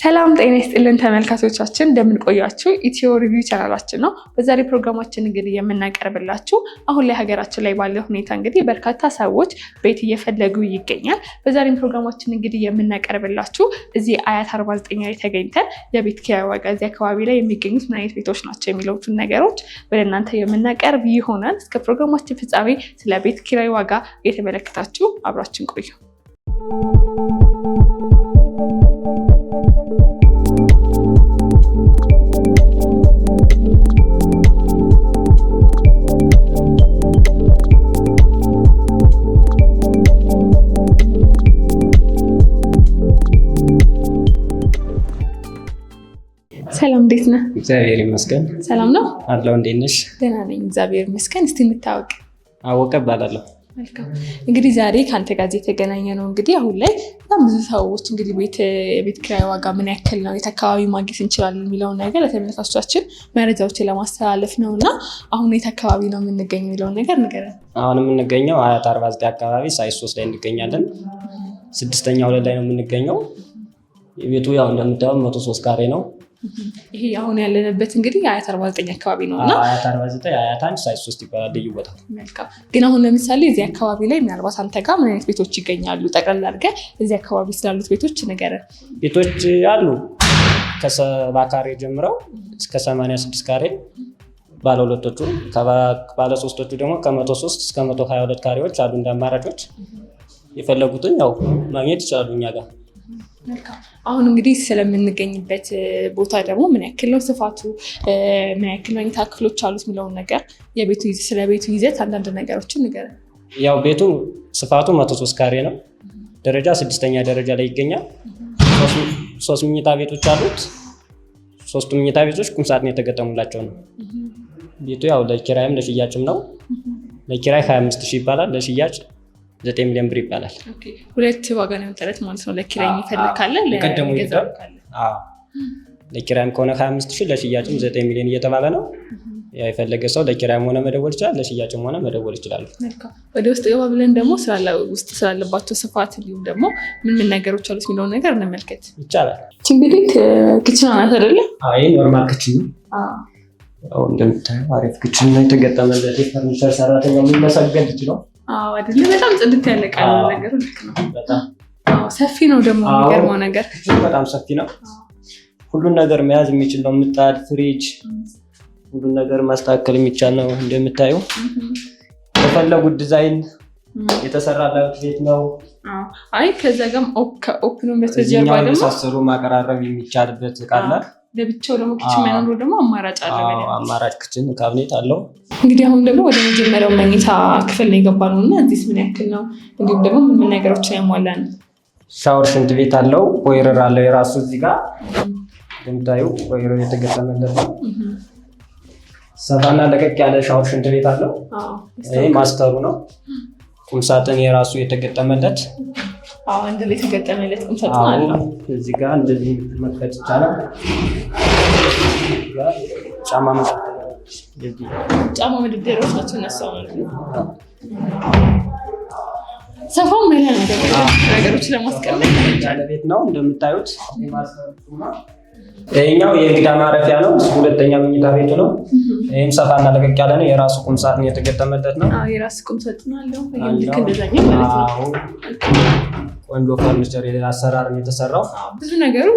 ሰላም ጤና ይስጥልን ተመልካቾቻችን፣ እንደምንቆያችሁ ኢትዮ ሪቪው ቻናላችን ነው። በዛሬ ፕሮግራማችን እንግዲህ የምናቀርብላችሁ አሁን ላይ ሀገራችን ላይ ባለው ሁኔታ እንግዲህ በርካታ ሰዎች ቤት እየፈለጉ ይገኛል። በዛሬም ፕሮግራማችን እንግዲህ የምናቀርብላችሁ እዚህ አያት 49 ላይ ተገኝተን የቤት ኪራይ ዋጋ እዚህ አካባቢ ላይ የሚገኙት ምን አይነት ቤቶች ናቸው የሚለውትን ነገሮች ወደ እናንተ የምናቀርብ ይሆናል። እስከ ፕሮግራማችን ፍጻሜ ስለ ቤት ኪራይ ዋጋ እየተመለከታችሁ አብራችን ቆዩ። ሰላም እንዴት ነህ? እግዚአብሔር ይመስገን። ሰላም ነው አለው። እንዴት ነሽ? ደህና ነኝ፣ እግዚአብሔር ይመስገን። እስቲ እንታወቅ። አወቀ እባላለሁ። እንግዲህ ዛሬ ከአንተ ጋር የተገናኘ ነው። እንግዲህ አሁን ላይ በጣም ብዙ ሰዎች እንግዲህ ቤት ኪራይ ዋጋ ምን ያክል ነው፣ የት አካባቢ ማግኘት እንችላለን የሚለውን ነገር ለተመልካቾቻችን መረጃዎችን ለማስተላለፍ ነው እና አሁን የት አካባቢ ነው የምንገኘው የሚለውን ነገር ንገረን። አሁን የምንገኘው አያት አርባ ዘጠኝ አካባቢ ሳይ ሶስት ላይ እንገኛለን። ስድስተኛ ሁለት ላይ ነው የምንገኘው። ቤቱ ያው እንደምታየው መቶ ሶስት ካሬ ነው። ይሄ አሁን ያለንበት እንግዲህ የአያት አርባ ዘጠኝ አካባቢ ነው እና አያት አርባ ዘጠኝ አያት አንድ ሶስት ይባላል ልዩ ቦታ። ግን አሁን ለምሳሌ እዚህ አካባቢ ላይ ምናልባት አንተ ጋር ምን አይነት ቤቶች ይገኛሉ? ጠቅላላ አድርገህ እዚህ አካባቢ ስላሉት ቤቶች ንገረን። ቤቶች አሉ ከሰባ ካሬ ጀምረው እስከ ሰማንያ ስድስት ካሬ ባለ ሁለቶቹ ባለ ሶስቶቹ ደግሞ ከመቶ ሶስት እስከ መቶ ሀያ ሁለት ካሬዎች አሉ እንደ አማራጮች የፈለጉትን ያው ማግኘት ይችላሉ እኛ ጋር አሁን እንግዲህ ስለምንገኝበት ቦታ ደግሞ ምን ያክል ነው ስፋቱ፣ ምን ያክል መኝታ ክፍሎች አሉት የሚለውን ነገር ስለ ቤቱ ይዘት አንዳንድ ነገሮችን ንገረን። ያው ቤቱ ስፋቱ መቶ ሶስት ካሬ ነው። ደረጃ ስድስተኛ ደረጃ ላይ ይገኛል። ሶስት ምኝታ ቤቶች አሉት። ሶስቱ ምኝታ ቤቶች ቁምሳጥን የተገጠሙላቸው ነው። ቤቱ ያው ለኪራይም ለሽያጭም ነው። ለኪራይ 25 ሺህ ይባላል፣ ለሽያጭ ዘጠኝ ሚሊዮን ብር ይባላል። ሁለት ዋጋ ነው መጠረት ማለት ነው። ለኪራይ የሚፈልግ ካለ ለኪራይም ከሆነ ሀያ አምስት ሺህ ለሽያጭም ዘጠኝ ሚሊዮን እየተባለ ነው። የፈለገ ሰው ለኪራይም ሆነ መደወል ይችላል፣ ለሽያጭም ሆነ መደወል ይችላሉ። ወደ ውስጥ ገባ ብለን ደግሞ ውስጥ ስላለባቸው ስፋት እንዲሁም ደግሞ ምን ምን ነገሮች አሉት የሚለውን ነገር እንመልከት ይቻላል። እንግዲህ ክችን ናት አደለ? ይህ ኖርማል ክችን ነው። እንደምታየው አሪፍ ክችን ነው የተገጠመለት። የፈርኒቸር ሰራተኛ የሚመሰገን ትችለው አይደለ? በጣም ጽድት ያለ ቃል ነገር ሰፊ ነው ደግሞ የሚገርመው ነገር በጣም ሰፊ ነው። ሁሉን ነገር መያዝ የሚችል ነው። ምጣድ፣ ፍሪጅ፣ ሁሉን ነገር ማስተካከል የሚቻል ነው። እንደምታዩ የፈለጉት ዲዛይን የተሰራላት ቤት ነው። አይ ከዛ ጋርም ከኦፕኑ በተጀርባ ደግሞ የመሳሰሉ ማቀራረብ የሚቻልበት ቃላል ለብቻው ደግሞ ክችን ማይኖረው ደግሞ አማራጭ አለ። አማራጭ ክችን ካብኔት አለው። እንግዲህ አሁን ደግሞ ወደ መጀመሪያው መኝታ ክፍል ነው የገባ ነው እና እዚህ ምን ያክል ነው እንዲሁም ደግሞ ምን ምን ነገሮችን ያሟላ ነው? ሻወር፣ ሽንት ቤት አለው። ወይረር አለው የራሱ እዚህ ጋር እንደምታዩ ወይረር የተገጠመለት ነው። ሰፋና ለቀቅ ያለ ሻወር፣ ሽንት ቤት አለው። ይህ ማስተሩ ነው። ቁምሳጥን የራሱ የተገጠመለት አንድ ላይ ተገጠመ ለጥምሰጥ አለ። እዚህ ጋር እንደዚህ መክፈት ይቻላል። ጫማ ጫማ መደርደሪያዎች ናቸው እነሱ ማለት ነው። ሰፋ ምን ነገሮች ለማስቀመጥ ነው እንደምታዩት። ይህኛው የእንግዳ ማረፊያ ነው። ሁለተኛ መኝታ ቤቱ ነው። ይህም ሰፋና ለቀቅ ያለ ነው። የራሱ ቁም ሳጥን የተገጠመለት ነው። የራሱ ቁም ሳጥን አለው ልክ እንደዛኛው ማለት ነው። ቆንጆ ፈርኒቸር የሌላ አሰራር የተሰራው ብዙ ነገሩ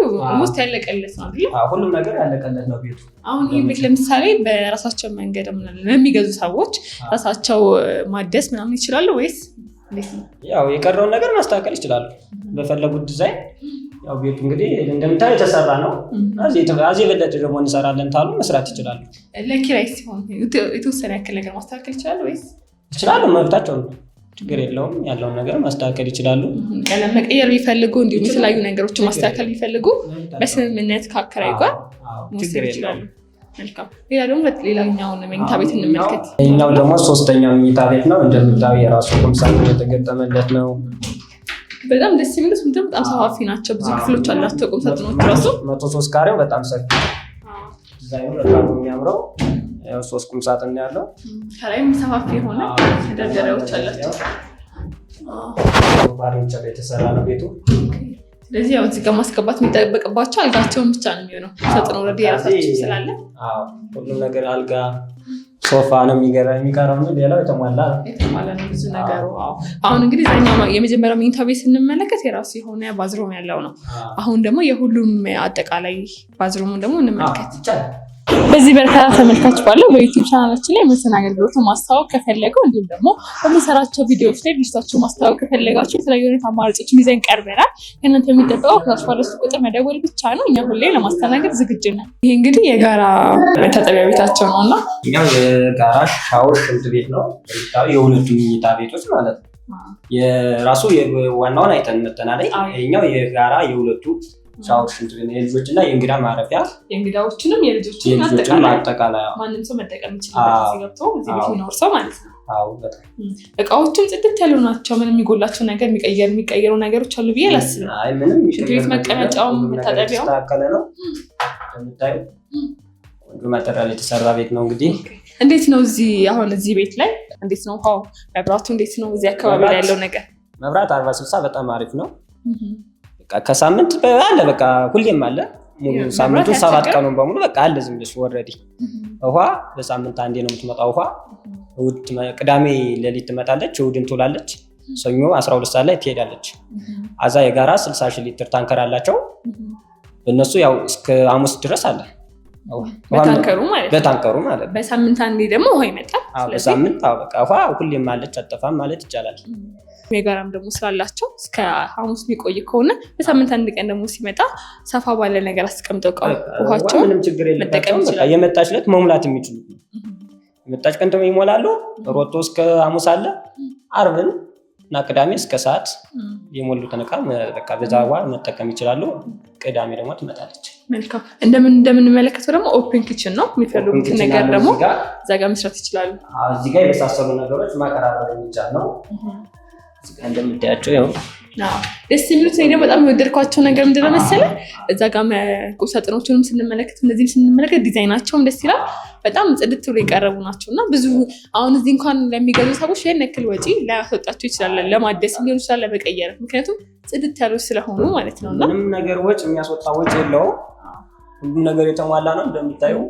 ውስጥ ያለቀለት ነው። ሁሉም ነገር ያለቀለት ነው ቤቱ። አሁን ይህ ቤት ለምሳሌ በራሳቸው መንገድ የሚገዙ ሰዎች ራሳቸው ማደስ ምናምን ይችላሉ ወይስ ያው የቀረውን ነገር ማስተካከል ይችላሉ በፈለጉት ዲዛይን። ያው ቤቱ እንግዲህ እንደምታየው የተሰራ ነው። አዚ የበለጠ ደግሞ እንሰራለን ታሉ መስራት ይችላሉ። ለኪራይ ሲሆን የተወሰነ ያክል ነገር ማስተካከል ይችላሉ ወይስ ይችላሉ መብታቸው ነው። ችግር የለውም። ያለውን ነገር ማስተካከል ይችላሉ። ቀለም መቀየር ቢፈልጉ እንዲሁም የተለያዩ ነገሮችን ማስተካከል ቢፈልጉ በስምምነት ከአከራዩ ጋር መውሰድ ይችላሉ። መልካም። ሌላ ደግሞ ሌላኛውን መኝታ ቤት እንመልከት። ይህኛው ደግሞ ሶስተኛው መኝታ ቤት ነው። እንደምታዩ የራሱ ቁምሳ የተገጠመለት ነው። በጣም ደስ የሚሉት ምድር በጣም ሰፋፊ ናቸው። ብዙ ክፍሎች አላቸው ቁምሳጥኖች ራሱ መቶ ሶስት ካሬው በጣም ሰፊ ዲዛይኑ በጣም የሚያምረው ሶስት ቁም ሳጥን ያለው ከላይም ሰፋፊ የሆነ መደርደሪያዎች አላቸው። ባርንጫ የተሰራ ነው ቤቱ። ስለዚህ ያው እዚህ ጋር ማስገባት የሚጠበቅባቸው አልጋቸውን ብቻ ነው የሚሆነው። ሰጥን ወረድ የራሳችን ስላለ ሁሉም ነገር አልጋ ሶፋ ነው የሚገራ የሚቀረው። ሌላው የተሟላ የተሟላ ነው ብዙ ነገሩ። አሁን እንግዲህ ዛኛው የመጀመሪያው መኝታ ቤት ስንመለከት የራሱ የሆነ ባዝሮም ያለው ነው። አሁን ደግሞ የሁሉም አጠቃላይ ባዝሩሙን ደግሞ እንመለከት እንመልከት በዚህ በርካታ ተመልካች ባለው በዩቲዩብ ቻናላችን ላይ መሰን አገልግሎት ማስታወቅ ከፈለገው እንዲሁም ደግሞ በምንሰራቸው ቪዲዮዎች ላይ ድርጅታችሁ ማስታወቅ ከፈለጋቸው የተለያዩ አይነት አማራጮች ይዘን ቀርበናል። ከእናንተ የሚጠበቀው ከታች ባለው ቁጥር መደወል ብቻ ነው። እኛ ሁሌ ለማስተናገድ ዝግጅ ነን። ይህ እንግዲህ የጋራ መታጠቢያ ቤታቸው ነው እና እኛው የጋራ ሻወር ሽንት ቤት ነው የሁለቱ መኝታ ቤቶች ማለት ነው። የራሱ ዋናውን አይተን መተናለይ ይኛው የጋራ የሁለቱ ሻወር፣ ሽንት የልጆች እና የእንግዳ ማረፊያ የእንግዳዎችንም የልጆችን አጠቃላይ ማንም ሰው መጠቀም ይችላል። ገብቶ እዚህ ሰው ማለት ነው። እቃዎቹም ጽድት ያሉ ናቸው። ምንም የሚጎላቸው ነገር የሚቀየር የሚቀየሩ ነገሮች አሉ ብዬ አላስብም። ሽንት ቤት መቀመጫውም መታጠቢያው ነው። እንደምታዩ ቆንጆ ማቴሪያል የተሰራ ቤት ነው። እንግዲህ እንዴት ነው እዚህ አሁን እዚህ ቤት ላይ እንዴት ነው ውሃው፣ መብራቱ እንዴት ነው? እዚህ አካባቢ ላይ ያለው ነገር መብራት አርባ ስልሳ በጣም አሪፍ ነው። ከሳምንት አለ በቃ ሁሌም አለ። ሙሉ ሳምንቱ ሰባት ቀኑን በሙሉ በቃ አለ። ዝም ብለሽ ወረዲ ውሃ በሳምንት አንዴ ነው የምትመጣው። ውሃ እሑድ ቅዳሜ ሌሊት ትመጣለች፣ እሑድን ትውላለች። ሰኞ 12 ሰዓት ላይ ትሄዳለች። አዛ የጋራ 60 ሺህ ሊትር ታንከር አላቸው። በእነሱ ያው እስከ ሐሙስ ድረስ አለ በታንከሩ ማለት ነው። በሳምንት አንዴ ደግሞ ውሃ ይመጣል። በሳምንት በቃ ውሃ ሁሌም አለች፣ አጠፋም ማለት ይቻላል። የጋራም ደግሞ ስላላቸው እስከ ሐሙስ የሚቆይ ከሆነ በሳምንት አንድ ቀን ደግሞ ሲመጣ ሰፋ ባለ ነገር አስቀምጠው እቃው ችግር መጠቀም ይችላል። የመጣች ዕለት መሙላት የሚችሉት ነው። የመጣች ቀን ደግሞ ይሞላሉ። ሮቶ እስከ ሐሙስ አለ። አርብን እና ቅዳሜ እስከ ሰዓት የሞሉትን እቃ በቃ በዛ መጠቀም ይችላሉ። ቅዳሜ ደግሞ ትመጣለች። መልካም እንደምንመለከተው ደግሞ ኦፕን ክችን ነው። የሚፈልጉትን ነገር ደግሞ እዛ ጋር መስራት ይችላሉ። እዚህ የመሳሰሉ ነገሮች ማቀራረብ የሚቻል ነው። እንደምታያቸው ያው ደስ የሚሉት እኔ ደግሞ በጣም የወደድኳቸው ነገር ምንድን ነው መሰለህ፣ እዛ ጋር ቁምሳጥኖችንም ስንመለከት እነዚህም ስንመለከት ዲዛይናቸውም ደስ ይላል። በጣም ጽድት ብሎ የቀረቡ ናቸው እና ብዙ አሁን እዚህ እንኳን ለሚገዙ ሰዎች ያን ያክል ወጪ ላያስወጣቸው ይችላል። ለማደስ ሊሆን ይችላል፣ ለመቀየር ምክንያቱም ጽድት ያሉ ስለሆኑ ማለት ነው። እና ምንም ነገር ወጪ የሚያስወጣ ወጪ የለውም። ሁሉም ነገር የተሟላ ነው እንደምታየው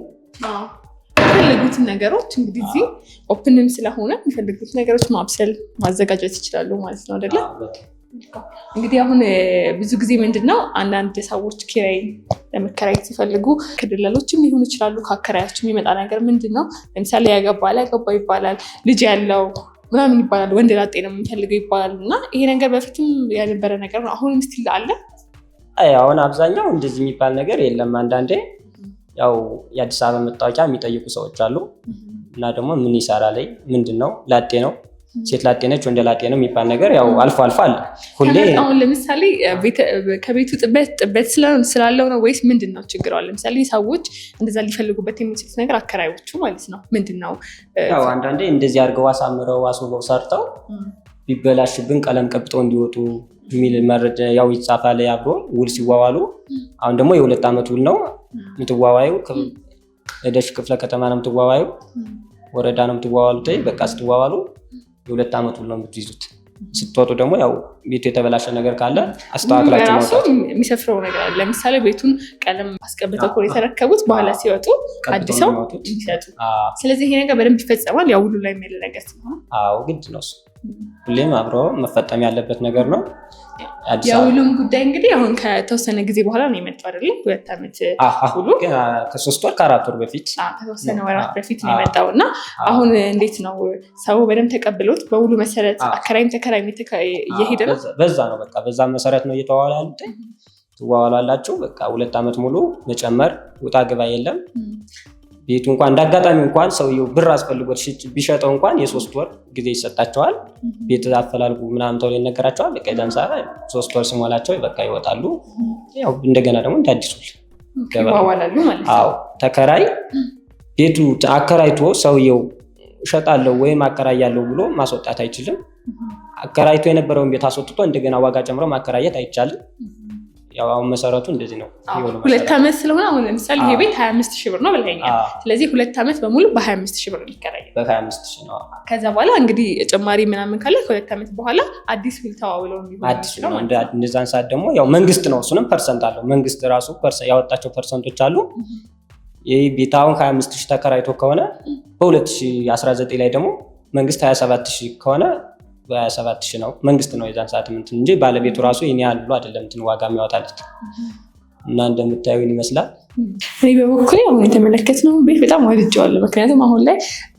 የፈለጉትን ነገሮች እንግዲህ እዚህ ኦፕንም ስለሆነ የሚፈልጉት ነገሮች ማብሰል ማዘጋጀት ይችላሉ ማለት ነው አይደለ? እንግዲህ አሁን ብዙ ጊዜ ምንድን ነው አንዳንድ ሰዎች ኪራይ ለመከራየት ሲፈልጉ ከደላሎችም ሊሆኑ ይችላሉ። ከአከራያቸው የሚመጣ ነገር ምንድን ነው? ለምሳሌ ያገባ ያገባ ይባላል፣ ልጅ ያለው ምናምን ይባላል፣ ወንድ ላጤ ነው የምንፈልገው ይባላል። እና ይሄ ነገር በፊትም ያልነበረ ነገር ነው፣ አሁንም ስቲል አለ። አሁን አብዛኛው እንደዚህ የሚባል ነገር የለም። አንዳንዴ ያው የአዲስ አበባ መታወቂያ የሚጠይቁ ሰዎች አሉ እና ደግሞ ምን ይሰራ ላይ ምንድን ነው ላጤ ነው ሴት ላጤ ነች ወንድ ላጤ ነው የሚባል ነገር ያው አልፎ አልፎ አለ። ሁሌ አሁን ለምሳሌ ከቤቱ ጥበት ጥበት ስላለው ነው ወይስ ምንድን ነው ችግሯ? ለምሳሌ ሰዎች እንደዛ ሊፈልጉበት የሚችሉት ነገር አከራዮቹ ማለት ነው ምንድን ነው? ያው አንዳንዴ እንደዚህ አድርገው አሳምረው አስውበው ሰርተው ቢበላሽብን ቀለም ቀብጦ እንዲወጡ የሚል መረጃ ያው ይጻፋል አብሮ ውል ሲዋዋሉ። አሁን ደግሞ የሁለት ዓመት ውል ነው የምትዋዋዩ። ደሽ ክፍለ ከተማ ነው የምትዋዋዩ፣ ወረዳ ነው የምትዋዋሉ። በቃ ስትዋዋሉ የሁለት ዓመት ውል ነው የምትይዙት። ስትወጡ ደግሞ ያው ቤቱ የተበላሸ ነገር ካለ አስተካክላችሁ ማውጣት። የሚሰፍረው ነገር አለ። ለምሳሌ ቤቱን ቀለም አስቀብተው ከሆነ የተረከቡት በኋላ ሲወጡ አዲሰው ሚሰጡ። ስለዚህ ይሄ ነገር በደንብ ይፈጸማል። ያው ውሉ ላይ የሚል ነገር ሲሆን ግድ ነው እሱ ሁሌም አብሮ መፈጠም ያለበት ነገር ነው። የውሉም ጉዳይ እንግዲህ አሁን ከተወሰነ ጊዜ በኋላ ነው የመጡ አይደለም? ሁለት ዓመት ሁሉ ከሶስት ወር ከአራት ወር በፊት ከተወሰነ ወራት በፊት ነው የመጣው እና አሁን እንዴት ነው ሰው በደንብ ተቀብሎት በውሉ መሰረት አከራይም ተከራይም እየሄደ ነው። በዛ ነው በቃ በዛ መሰረት ነው እየተዋዋለ ያሉት። ትዋዋላላችሁ በቃ ሁለት ዓመት ሙሉ መጨመር ውጣ ግባ የለም ቤቱ እንኳን እንዳጋጣሚ እንኳን ሰውየው ብር አስፈልጎት ቢሸጠው እንኳን የሶስት ወር ጊዜ ይሰጣቸዋል። ቤት አፈላልጉ ምናምን ተብሎ ይነገራቸዋል። በቃ የዛን ሶስት ወር ሲሞላቸው በቃ ይወጣሉ። ያው እንደገና ደግሞ እንደ አዲሱ አዎ ተከራይ ቤቱ አከራይቶ ሰውየው እሸጣለሁ ወይም አከራያለሁ ብሎ ማስወጣት አይችልም። አከራይቶ የነበረውን ቤት አስወጥቶ እንደገና ዋጋ ጨምሮ ማከራየት አይቻልም። ያው አሁን መሰረቱ እንደዚህ ነው። ሁለት ዓመት ስለሆነ አሁን ለምሳሌ ይሄ ቤት ሀያ አምስት ሺህ ብር ነው ብለኸኛል። ስለዚህ ሁለት ዓመት በሙሉ በሀያ አምስት ሺህ ብር ይከራያል። በሀያ አምስት ሺህ ነው። ከዛ በኋላ እንግዲህ ጭማሪ ምናምን ካለ ከሁለት ዓመት በኋላ አዲስ ቢል ተዋውለው አዲስ ነው። እንደዛን ሰዓት ደግሞ ያው መንግስት ነው እሱንም ፐርሰንት አለው መንግስት ራሱ ያወጣቸው ፐርሰንቶች አሉ። ይህ ቤት አሁን ከሀያ አምስት ሺህ ተከራይቶ ከሆነ በ2019 ላይ ደግሞ መንግስት ሀያ ሰባት ሺህ ከሆነ በሰባት ሺህ ነው መንግስት ነው የዛን ሰዓት ምንትን እንጂ ባለቤቱ ራሱ ይህን ያህል ብሎ አይደለም ዋጋ የሚያወጣለት እና እንደምታየው ይመስላል እኔ በበኩሌ አሁን የተመለከትነው ቤት በጣም ወድጀዋለሁ። ምክንያቱም አሁን ላይ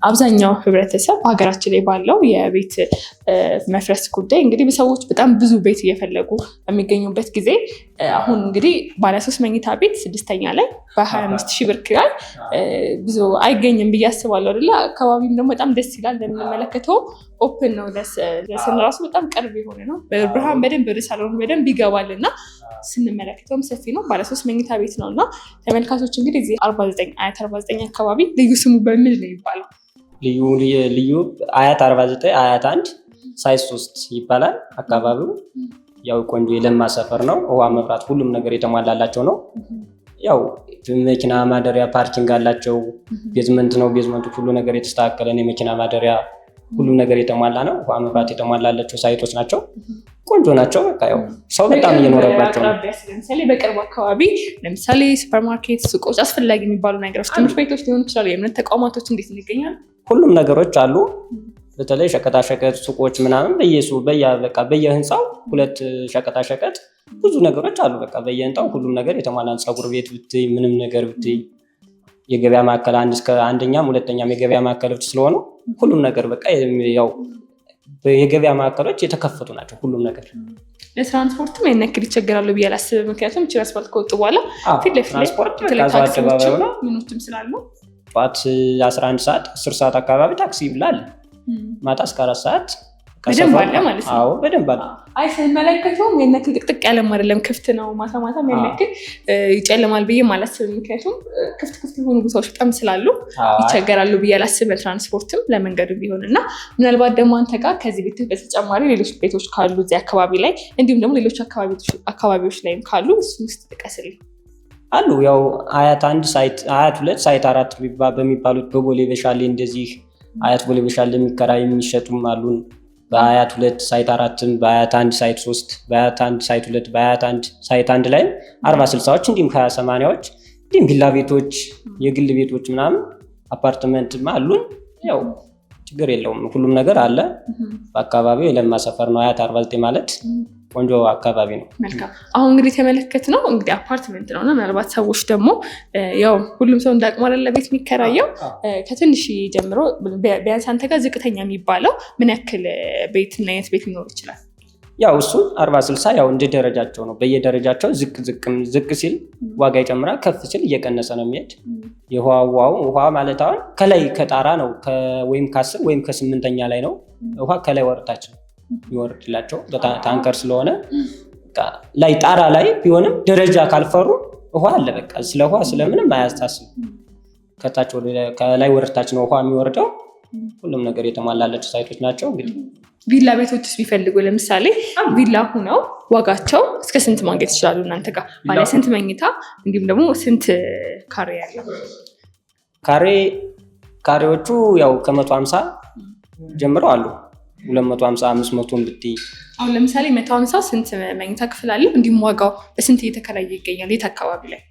አብዛኛው ህብረተሰብ ሀገራችን ላይ ባለው የቤት መፍረስ ጉዳይ እንግዲህ በሰዎች በጣም ብዙ ቤት እየፈለጉ በሚገኙበት ጊዜ አሁን እንግዲህ ባለሶስት መኝታ ቤት ስድስተኛ ላይ በሀያ አምስት ሺህ ብር ክራይ ብዙ አይገኝም ብዬ አስባለሁ አይደለ? አካባቢም ደግሞ በጣም ደስ ይላል። እንደምንመለከተው ኦፕን ነው፣ ለስን ራሱ በጣም ቅርብ የሆነ ነው። ብርሃን በደንብ ወደ ሳሎን በደንብ ይገባል እና ስንመለከተውም ሰፊ ነው። ባለሶስት መኝታ ቤት ነው እና ተመልካቾች እንግዲህ እዚህ 49 አያት 49 አካባቢ ልዩ ስሙ በምን ነው ይባላል? ልዩ ልዩ አያት 49 አያት አንድ ሳይ ሶስት ይባላል አካባቢው። ያው ቆንጆ የለማ ሰፈር ነው። ውሃ፣ መብራት፣ ሁሉም ነገር የተሟላላቸው ነው። ያው መኪና ማደሪያ ፓርኪንግ አላቸው። ቤዝመንት ነው። ቤዝመንቱ ሁሉ ነገር የተስተካከለ የመኪና ማደሪያ ሁሉም ነገር የተሟላ ነው። ውሃ መብራት የተሟላላቸው ሳይቶች ናቸው። ቆንጆ ናቸው። ያው ሰው በጣም እየኖረባቸው ነው። ለምሳሌ በቅርቡ አካባቢ ለምሳሌ ሱፐርማርኬት፣ ሱቆች፣ አስፈላጊ የሚባሉ ነገሮች፣ ትምህርት ቤቶች ሊሆን ይችላሉ። የእምነት ተቋማቶች እንዴት እንገኛል? ሁሉም ነገሮች አሉ። በተለይ ሸቀጣሸቀጥ ሱቆች ምናምን በየሱ በቃ በየህንፃው ሁለት ሸቀጣሸቀጥ ብዙ ነገሮች አሉ። በቃ በየህንፃው ሁሉም ነገር የተሟላ ፀጉር ቤት ብትይ ምንም ነገር ብትይ የገበያ ማዕከል አንድ እስከ አንደኛም ሁለተኛም የገበያ ማዕከሎች ስለሆኑ ሁሉም ነገር በቃ ያው የገበያ ማዕከሎች የተከፈቱ ናቸው። ሁሉም ነገር ለትራንስፖርትም ያነክል ይቸገራሉ ብዬ አላስብም። ምክንያቱም ችር አስፋልት ከወጡ በኋላ ፊት ለፊት ላይ ምኖችም ስላሉ ጠዋት 11 ሰዓት 10 ሰዓት አካባቢ ታክሲ ይብላል። ማታ እስከ አራት ሰዓት በደንብ አለ ያክል ጥቅጥቅ ያለም አይደለም፣ ክፍት ነው። ማታ ማታም ያን ያክል ይጨልማል ብዬ አላስብም። ምክንያቱም ክፍት ክፍት የሆኑ ቦታዎች በጣም ስላሉ ይቸገራሉ ብዬ አላስብም። ለትራንስፖርትም ለመንገዱ ቢሆን እና ምናልባት ደግሞ አንተ ጋር ከዚህ ቤት በተጨማሪ ሌሎች ቤቶች ካሉ እዚህ አካባቢ ላይ እንዲሁም ደግሞ ሌሎች አካባቢዎች ላይም ካሉ እሱ ውስጥ ጥቀስልኝ አሉ። ያው አያት አንድ ሳይት አያት ሁለት ሳይት አራት በሚባሉት በቦሌ በሻሌ እንደዚህ አያት ቦሌ በሻሌ የሚከራይ የሚሸጡም አሉን በአያት ሁለት ሳይት አራትም በአያት አንድ ሳይት ሶስት በአያት አንድ ሳይት ሁለት በአያት አንድ ሳይት አንድ ላይም አርባ ስልሳዎች እንዲሁም ሀያ ሰማንያዎች እንዲሁም ቪላ ቤቶች የግል ቤቶች ምናምን አፓርትመንትም አሉን። ያው ችግር የለውም ሁሉም ነገር አለ። በአካባቢው የለማ ሰፈር ነው አያት አርባ ዘጠኝ ማለት ቆንጆ አካባቢ ነው። መልካም አሁን እንግዲህ ተመለከት ነው እንግዲህ አፓርትመንት ነው እና ምናልባት ሰዎች ደግሞ ያው ሁሉም ሰው እንዳቅሙ አይደለ ቤት የሚከራየው ከትንሽ ጀምሮ ቢያንስ አንተ ጋር ዝቅተኛ የሚባለው ምን ያክል ቤት እና አይነት ቤት ሊኖር ይችላል? ያው እሱ አርባ ስልሳ ያው እንደ ደረጃቸው ነው። በየደረጃቸው ዝቅ ዝቅም ዝቅ ሲል ዋጋ ይጨምራል፣ ከፍ ሲል እየቀነሰ ነው የሚሄድ። የውሃዋው ውሃ ማለት አሁን ከላይ ከጣራ ነው ወይም ከአስር ወይም ከስምንተኛ ላይ ነው ውሃ ከላይ ወርታችን ይወርድላቸው ታንከር ስለሆነ ላይ ጣራ ላይ ቢሆንም ደረጃ ካልፈሩ ውሃ አለ። በቃ ስለ ውሃ ስለምንም አያስታስብ። ከታች ከላይ ወረታች ነው ውሃ የሚወርደው። ሁሉም ነገር የተሟላላቸው ሳይቶች ናቸው። እንግዲህ ቪላ ቤቶች ውስጥ ቢፈልጉ ለምሳሌ ቪላ ሁነው ዋጋቸው እስከ ስንት ማግኘት ይችላሉ? እናንተ ጋር ባለ ስንት መኝታ እንዲሁም ደግሞ ስንት ካሬ ያለው? ካሬ ካሬዎቹ ያው ከመቶ ሀምሳ ጀምረው አሉ ሁለት መቶ መቶ ብትይ አሁን ለምሳሌ መቶ ሀምሳ ስንት መኝታ ክፍል አለ? እንዲሁም ዋጋው በስንት እየተከራየ ይገኛል? የት አካባቢ ላይ?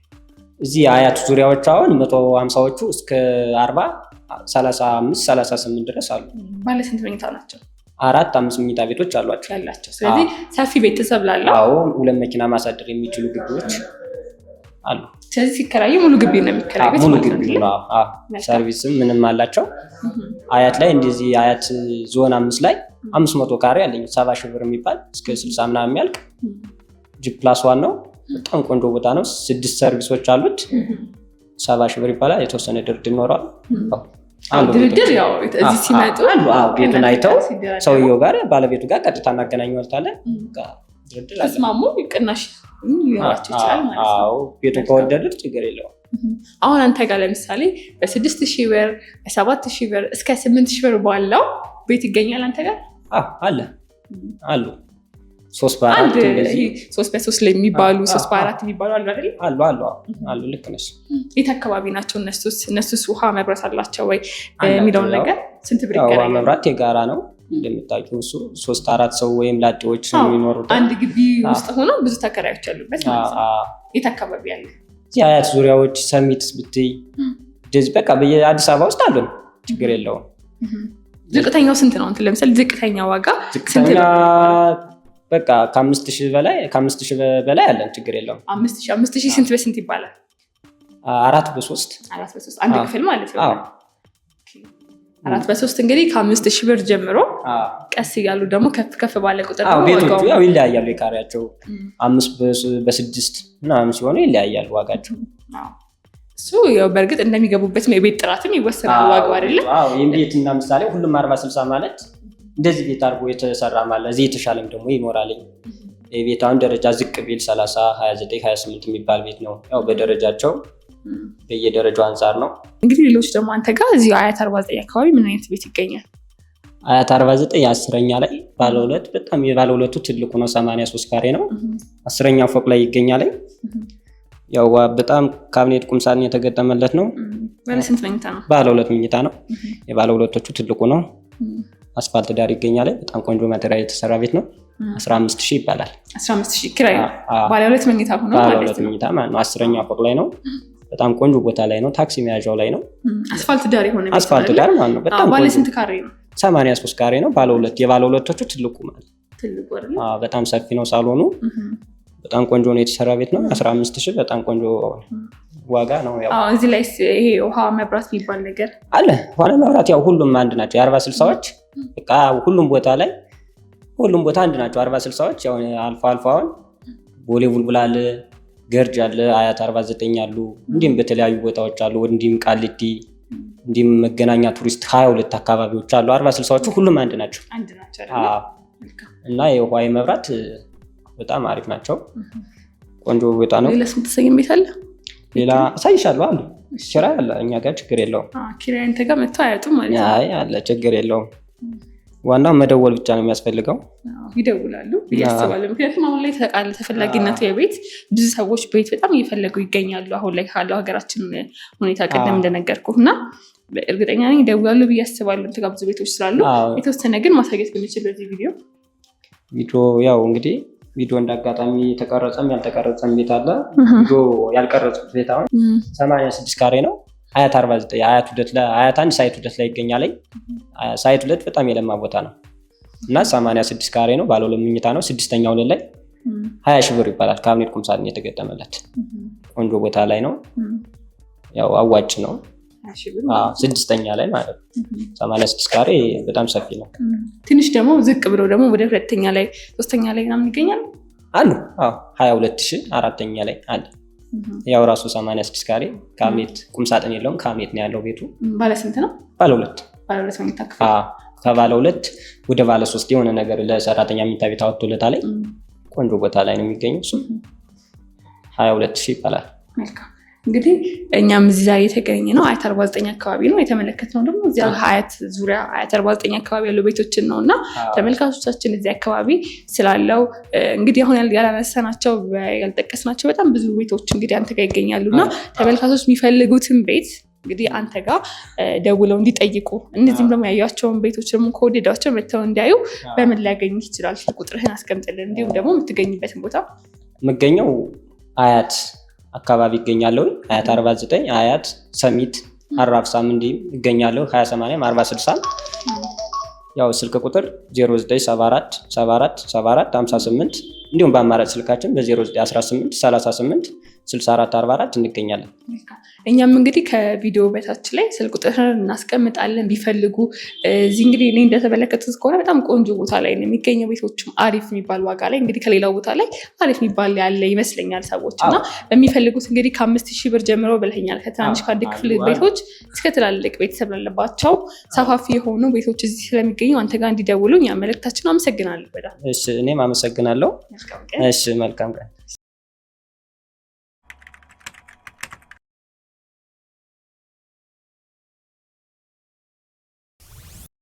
እዚህ አያት ዙሪያዎች አሁን መቶ ሀምሳዎቹ እስከ አርባ ሰላሳ አምስት ሰላሳ ስምንት ድረስ አሉ። ባለ ስንት መኝታ ናቸው? አራት አምስት መኝታ ቤቶች አሏቸው ያላቸው። ስለዚህ ሰፊ ቤተሰብ ላለው ሁለት መኪና ማሳደር የሚችሉ ግቢዎች አሉ። ስለዚህ ሲከራዩ ሙሉ ግቢ ነው ሙሉ ግቢ ሰርቪስም ምንም አላቸው። አያት ላይ እንደዚህ አያት ዞን አምስት ላይ አምስት መቶ ካሬ አለኝ ሰባ ሺህ ብር የሚባል እስከ ስልሳ ምናምን የሚያልቅ ጂፕላስ ዋን ነው። በጣም ቆንጆ ቦታ ነው። ስድስት ሰርቪሶች አሉት። ሰባ ሺህ ብር ይባላል። የተወሰነ ድርድር ይኖረዋል። ድርድር ያው ሲመጡ ቤቱን አይተው ሰውየው ጋር ባለቤቱ ጋር ቀጥታ ልታለን። ተስማሙ ቅናሽ ሊኖራቸው ይችላል ማለት ነው። ቤቱ ችግር የለውም። አሁን አንተ ጋር ለምሳሌ በስድስት ሺህ ብር በሰባት ሺህ ብር እስከ ስምንት ሺህ ብር ባለው ቤት ይገኛል። አንተ ጋር አለ አሉ ሶስት በሶስት የሚባሉ ሶስት በአራት የሚባሉ አሉ አይደል? አሉ አሉ አሉ። ልክ ነሽ። የት አካባቢ ናቸው እነሱስ? እነሱስ ውሃ መብራት አላቸው ወይ የሚለውን ነገር ስንት ብር ይገራል? መብራት የጋራ ነው እንደምታውቂው እሱ ሶስት አራት ሰው ወይም ላጤዎች የሚኖሩት አንድ ግቢ ውስጥ ሆኖ ብዙ ተከራዮች አሉበት ማለት ነው። የት አካባቢ ያለ? እዚህ አያት ዙሪያዎች፣ ሰሚት ብትይ እንደዚህ በቃ በየአዲስ አበባ ውስጥ አሉን። ችግር የለውም። ዝቅተኛው ስንት ነው? እንትን ለምሳሌ ዝቅተኛ ዋጋ ዝቅተኛ በቃ ከአምስት ሺህ በላይ ከአምስት ሺህ በላይ አለን። ችግር የለውም። አምስት ሺህ ስንት በስንት ይባላል? አራት በሶስት አራት በሶስት አንድ ክፍል ማለት ነው። አራት በሶስት እንግዲህ ከአምስት ሺህ ብር ጀምሮ ቀስ እያሉ ደግሞ ከፍ ከፍ ባለ ቁጥር ያው ይለያያሉ። የካሬያቸው አምስት በስድስት ምናምን ሲሆኑ ይለያያሉ ዋጋቸው። እሱ ያው በእርግጥ እንደሚገቡበት የቤት ጥራትም ይወሰናል ዋጋው አይደለም። ይህም ቤት እና ምሳሌ ሁሉም አርባ ስልሳ ማለት እንደዚህ ቤት አድርጎ የተሰራ ማለት እዚህ የተሻለም ደግሞ ይኖራልኝ ቤት አሁን ደረጃ ዝቅ ቢል ሰላሳ ሀያ ዘጠኝ ሀያ ስምንት የሚባል ቤት ነው ያው በደረጃቸው በየደረጃው አንጻር ነው። እንግዲህ ሌሎች ደግሞ አንተ ጋር እዚሁ አያት 49 አካባቢ ምን አይነት ቤት ይገኛል? አያት 49 አስረኛ ላይ ባለሁለት በጣም የባለሁለቱ ትልቁ ነው። 83 ካሬ ነው። አስረኛው ፎቅ ላይ ይገኛል። ያው በጣም ካቢኔት ቁምሳጥን የተገጠመለት ነው። ባለስንት መኝታ ነው? ባለሁለት መኝታ ነው። የባለሁለቶቹ ትልቁ ነው። አስፋልት ዳር ይገኛል። በጣም ቆንጆ ማቴሪያል የተሰራ ቤት ነው። 15 ሺህ ይባላል። 15 ሺህ ኪራይ ነው። ባለሁለት መኝታ ሆኖ ባለሁለት ማለት ነው። አስረኛ ፎቅ ላይ ነው። በጣም ቆንጆ ቦታ ላይ ነው። ታክሲ መያዣው ላይ ነው። አስፋልት ዳር የሆነ አስፋልት ዳር ማለት ነው። በጣም ባለ ስንት ካሬ ነው? ሰማንያ ሶስት ካሬ ነው። ባለ ሁለት የባለ ሁለቶቹ ትልቁ ማለት በጣም ሰፊ ነው ሳሎኑ። በጣም ቆንጆ ነው። የተሰራ ቤት ነው። አስራ አምስት ሺህ በጣም ቆንጆ ዋጋ ነው። እዚህ ላይ ይሄ ውሃ መብራት የሚባል ነገር አለ። ውሃ መብራት ያው ሁሉም አንድ ናቸው። የአርባ ስልሳዎች በቃ ሁሉም ቦታ ላይ ሁሉም ቦታ አንድ ናቸው። አርባ ስልሳዎች አልፎ አልፎ አሁን ቦሌ ቡልቡላ አለ ገርጅ አለ፣ አያት 49 አሉ፣ እንዲሁም በተለያዩ ቦታዎች አሉ። እንዲሁም ቃሊቲ እንዲሁም መገናኛ ቱሪስት 22 አካባቢዎች አሉ። አርባ ስልሳዎቹ ሁሉም አንድ ናቸው እና የውሃ መብራት በጣም አሪፍ ናቸው። ቆንጆ ቦታ ነው። ሌላ ስንት ተሰኝ ቤት አለ፣ ሌላ እሳይሻለሁ አሉ። ኪራይ አለ፣ እኛ ጋር ችግር የለውም። ኪራይ አንተ ጋር መጥተው አያጡም ማለት ነው። አይ አለ፣ ችግር የለውም። ዋናው መደወል ብቻ ነው የሚያስፈልገው። ይደውላሉ ያስባሉ። ምክንያቱም አሁን ላይ ተቃለ ተፈላጊነቱ የቤት ብዙ ሰዎች ቤት በጣም እየፈለጉ ይገኛሉ። አሁን ላይ ካለው ሀገራችን ሁኔታ ቀደም እንደነገርኩ እና እርግጠኛ ነኝ ይደውላሉ ብዬ አስባለሁ። ተጋብዙ ቤቶች ስላሉ የተወሰነ ግን ማሳየት ብንችል በዚህ ቪዲዮ ቪዲዮ ያው እንግዲህ ቪዲዮ እንዳጋጣሚ የተቀረጸም ያልተቀረጸም ቤት አለ። ቪዲዮ ያልቀረጹት ቤት አሁን ሰማንያ ስድስት ካሬ ነው አያት 49 አያት ሁለት አያት አንድ ሳይት ሁለት ላይ ይገኛል። ሳይት ሁለት በጣም የለማ ቦታ ነው እና 86 ካሬ ነው። ባለ ሁለት መኝታ ነው። ስድስተኛው ሁለት ላይ ሀያ ሺህ ብር ይባላል። ካቢኔት ቁም ሳጥን የተገጠመለት ቆንጆ ቦታ ላይ ነው። ያው አዋጭ ነው። ስድስተኛ ላይ ማለት ነው። ሰማንያ ካሬ በጣም ሰፊ ነው። ትንሽ ደግሞ ዝቅ ብለው ደግሞ ወደ ሁለተኛ ላይ ሶስተኛ ላይ ምናምን ይገኛል አሉ ሀያ ሁለት ሺህ አራተኛ ላይ አለ ያው ራሱ 86 ካሬ ካሜት ቁምሳጥን የለውም። ካሜት ነው ያለው ቤቱ። ባለ ስንት ነው? ባለ ሁለት ባለ ሁለት ከባለ ሁለት ወደ ባለ ሶስት የሆነ ነገር ለሰራተኛ መኝታ ቤት አወጥቶለታል። ቆንጆ ቦታ ላይ ነው የሚገኘው። እሱ 22 ሺህ ይባላል። እንግዲህ እኛም እዚህ ዛሬ የተገኘ ነው አያት አርባ ዘጠኝ አካባቢ ነው የተመለከት ነው ደግሞ እዚያ አያት ዙሪያ አያት አርባ ዘጠኝ አካባቢ ያሉ ቤቶችን ነው እና ተመልካቾቻችን እዚህ አካባቢ ስላለው እንግዲህ አሁን ያላነሳናቸው ያልጠቀስናቸው በጣም ብዙ ቤቶች እንግዲህ አንተ ጋር ይገኛሉ እና ተመልካቾች የሚፈልጉትን ቤት እንግዲህ አንተ ጋር ደውለው እንዲጠይቁ እነዚህም ደግሞ ያዩቸውን ቤቶች ደግሞ ከወደዳቸው መጥተው እንዲያዩ በምን ሊያገኝ ይችላል? ቁጥርህን አስቀምጥልን፣ እንዲሁም ደግሞ የምትገኝበትን ቦታ። የምገኘው አያት አካባቢ ይገኛለሁ። ሀያት 49 አያት ሰሚት አራፍሳም እንዲህ ይገኛለሁ። 28 46 ያው ስልክ ቁጥር 0974 74 74 58 እንዲሁም በአማራጭ ስልካችን በ0918 38 64 44 እንገኛለን። እኛም እንግዲህ ከቪዲዮ በታች ላይ ስልክ ቁጥር እናስቀምጣለን ቢፈልጉ። እዚህ እንግዲህ እኔ እንደተመለከቱት ከሆነ በጣም ቆንጆ ቦታ ላይ ነው የሚገኘው። ቤቶችም አሪፍ የሚባል ዋጋ ላይ እንግዲህ ከሌላው ቦታ ላይ አሪፍ የሚባል ያለ ይመስለኛል ሰዎች እና በሚፈልጉት እንግዲህ ከአምስት ሺህ ብር ጀምሮ ብለኛል። ከትናንሽ ከአንድ ክፍል ቤቶች እስከ ትላልቅ ቤተሰብ ላለባቸው ሰፋፊ የሆኑ ቤቶች እዚህ ስለሚገኙ አንተ ጋር እንዲደውሉ እኛ መልእክታችን። አመሰግናለሁ በጣም እኔም አመሰግናለሁ። መልካም ቀን